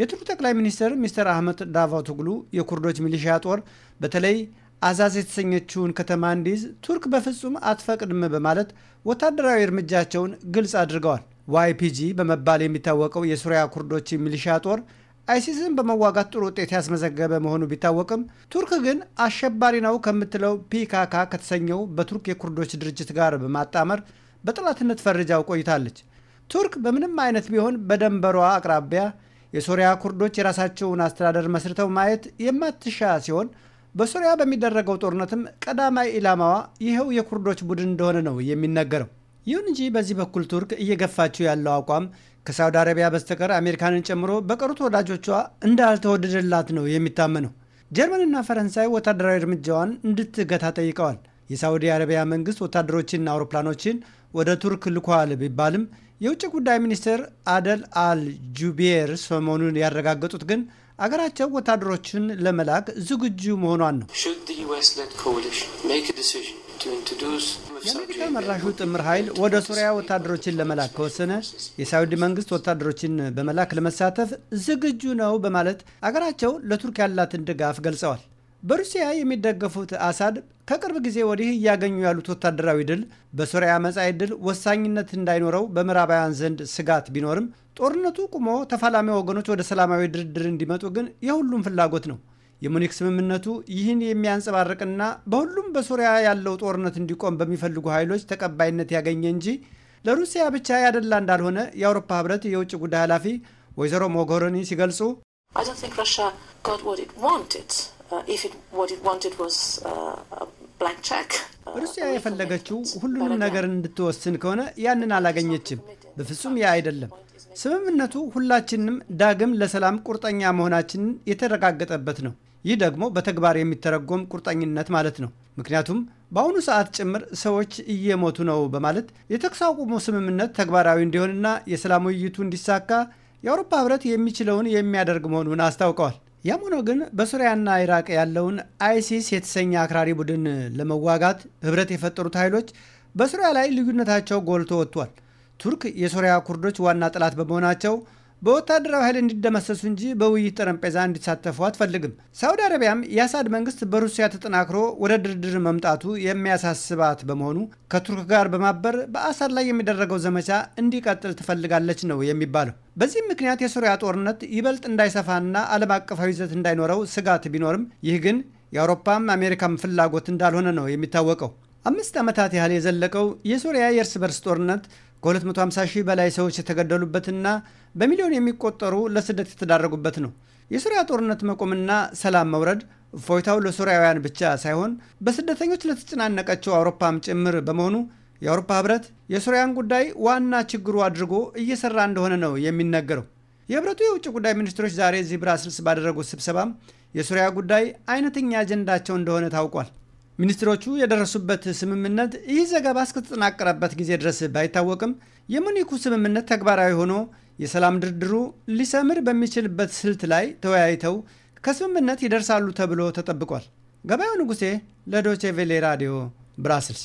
የቱርክ ጠቅላይ ሚኒስትር ሚስተር አህመት ዳቫቱግሉ የኩርዶች ሚሊሻ ጦር በተለይ አዛዝ የተሰኘችውን ከተማ እንዲይዝ ቱርክ በፍጹም አትፈቅድም በማለት ወታደራዊ እርምጃቸውን ግልጽ አድርገዋል። ዋይፒጂ በመባል የሚታወቀው የሱሪያ ኩርዶች ሚሊሻ ጦር አይሲስን በመዋጋት ጥሩ ውጤት ያስመዘገበ መሆኑ ቢታወቅም ቱርክ ግን አሸባሪ ነው ከምትለው ፒካካ ከተሰኘው በቱርክ የኩርዶች ድርጅት ጋር በማጣመር በጠላትነት ፈርጃው ቆይታለች። ቱርክ በምንም አይነት ቢሆን በደንበሯ አቅራቢያ የሶሪያ ኩርዶች የራሳቸውን አስተዳደር መስርተው ማየት የማትሻ ሲሆን በሶሪያ በሚደረገው ጦርነትም ቀዳማይ ኢላማዋ ይኸው የኩርዶች ቡድን እንደሆነ ነው የሚነገረው። ይሁን እንጂ በዚህ በኩል ቱርክ እየገፋችው ያለው አቋም ከሳውዲ አረቢያ በስተቀር አሜሪካንን ጨምሮ በቀሩት ወዳጆቿ እንዳልተወደደላት ነው የሚታመነው። ጀርመንና ፈረንሳይ ወታደራዊ እርምጃዋን እንድትገታ ጠይቀዋል። የሳዑዲ አረቢያ መንግስት ወታደሮችንና አውሮፕላኖችን ወደ ቱርክ ልኳል ቢባልም የውጭ ጉዳይ ሚኒስትር አደል አል ጁቤር ሰሞኑን ያረጋገጡት ግን አገራቸው ወታደሮችን ለመላክ ዝግጁ መሆኗን ነው። የአሜሪካ መራሹ ጥምር ኃይል ወደ ሱሪያ ወታደሮችን ለመላክ ከወሰነ የሳዑዲ መንግስት ወታደሮችን በመላክ ለመሳተፍ ዝግጁ ነው በማለት አገራቸው ለቱርክ ያላትን ድጋፍ ገልጸዋል። በሩሲያ የሚደገፉት አሳድ ከቅርብ ጊዜ ወዲህ እያገኙ ያሉት ወታደራዊ ድል በሶሪያ መጻኢ ድል ወሳኝነት እንዳይኖረው በምዕራባውያን ዘንድ ስጋት ቢኖርም ጦርነቱ ቁሞ ተፋላሚ ወገኖች ወደ ሰላማዊ ድርድር እንዲመጡ ግን የሁሉም ፍላጎት ነው። የሙኒክ ስምምነቱ ይህን የሚያንጸባርቅና በሁሉም በሶሪያ ያለው ጦርነት እንዲቆም በሚፈልጉ ኃይሎች ተቀባይነት ያገኘ እንጂ ለሩሲያ ብቻ ያደላ እንዳልሆነ የአውሮፓ ህብረት የውጭ ጉዳይ ኃላፊ ወይዘሮ ሞጎሮኒ ሲገልጹ ሩሲያ uh, uh, uh, የፈለገችው ሁሉንም ነገር እንድትወስን ከሆነ ያንን አላገኘችም። በፍጹም ያ አይደለም። ስምምነቱ ሁላችንም ዳግም ለሰላም ቁርጠኛ መሆናችንን የተረጋገጠበት ነው። ይህ ደግሞ በተግባር የሚተረጎም ቁርጠኝነት ማለት ነው። ምክንያቱም በአሁኑ ሰዓት ጭምር ሰዎች እየሞቱ ነው በማለት የተኩስ አቁሙ ስምምነት ተግባራዊ እንዲሆንና የሰላም ውይይቱ እንዲሳካ የአውሮፓ ሕብረት የሚችለውን የሚያደርግ መሆኑን አስታውቀዋል። ያም ሆኖ ግን በሱሪያና ኢራቅ ያለውን አይሲስ የተሰኘ አክራሪ ቡድን ለመዋጋት ህብረት የፈጠሩት ኃይሎች በሱሪያ ላይ ልዩነታቸው ጎልቶ ወጥቷል። ቱርክ የሱሪያ ኩርዶች ዋና ጠላት በመሆናቸው በወታደራዊ ኃይል እንዲደመሰሱ እንጂ በውይይት ጠረጴዛ እንዲሳተፉ አትፈልግም። ሳውዲ አረቢያም የአሳድ መንግስት በሩሲያ ተጠናክሮ ወደ ድርድር መምጣቱ የሚያሳስባት በመሆኑ ከቱርክ ጋር በማበር በአሳድ ላይ የሚደረገው ዘመቻ እንዲቀጥል ትፈልጋለች ነው የሚባለው። በዚህም ምክንያት የሱሪያ ጦርነት ይበልጥ እንዳይሰፋና ዓለም አቀፋዊ ይዘት እንዳይኖረው ስጋት ቢኖርም ይህ ግን የአውሮፓም አሜሪካም ፍላጎት እንዳልሆነ ነው የሚታወቀው። አምስት ዓመታት ያህል የዘለቀው የሱሪያ የእርስ በርስ ጦርነት ከ250 ሺህ በላይ ሰዎች የተገደሉበትና በሚሊዮን የሚቆጠሩ ለስደት የተዳረጉበት ነው። የሱሪያ ጦርነት መቆምና ሰላም መውረድ እፎይታው ለሱሪያውያን ብቻ ሳይሆን በስደተኞች ለተጨናነቀችው አውሮፓም ጭምር በመሆኑ የአውሮፓ ህብረት የሱሪያን ጉዳይ ዋና ችግሩ አድርጎ እየሰራ እንደሆነ ነው የሚነገረው። የህብረቱ የውጭ ጉዳይ ሚኒስትሮች ዛሬ እዚህ ብራስልስ ባደረጉት ስብሰባም የሱሪያ ጉዳይ አይነተኛ አጀንዳቸው እንደሆነ ታውቋል። ሚኒስትሮቹ የደረሱበት ስምምነት ይህ ዘገባ እስከተጠናቀረበት ጊዜ ድረስ ባይታወቅም የሙኒኩ ስምምነት ተግባራዊ ሆኖ የሰላም ድርድሩ ሊሰምር በሚችልበት ስልት ላይ ተወያይተው ከስምምነት ይደርሳሉ ተብሎ ተጠብቋል። ገበያው ንጉሴ ለዶቼቬሌ ራዲዮ ብራስልስ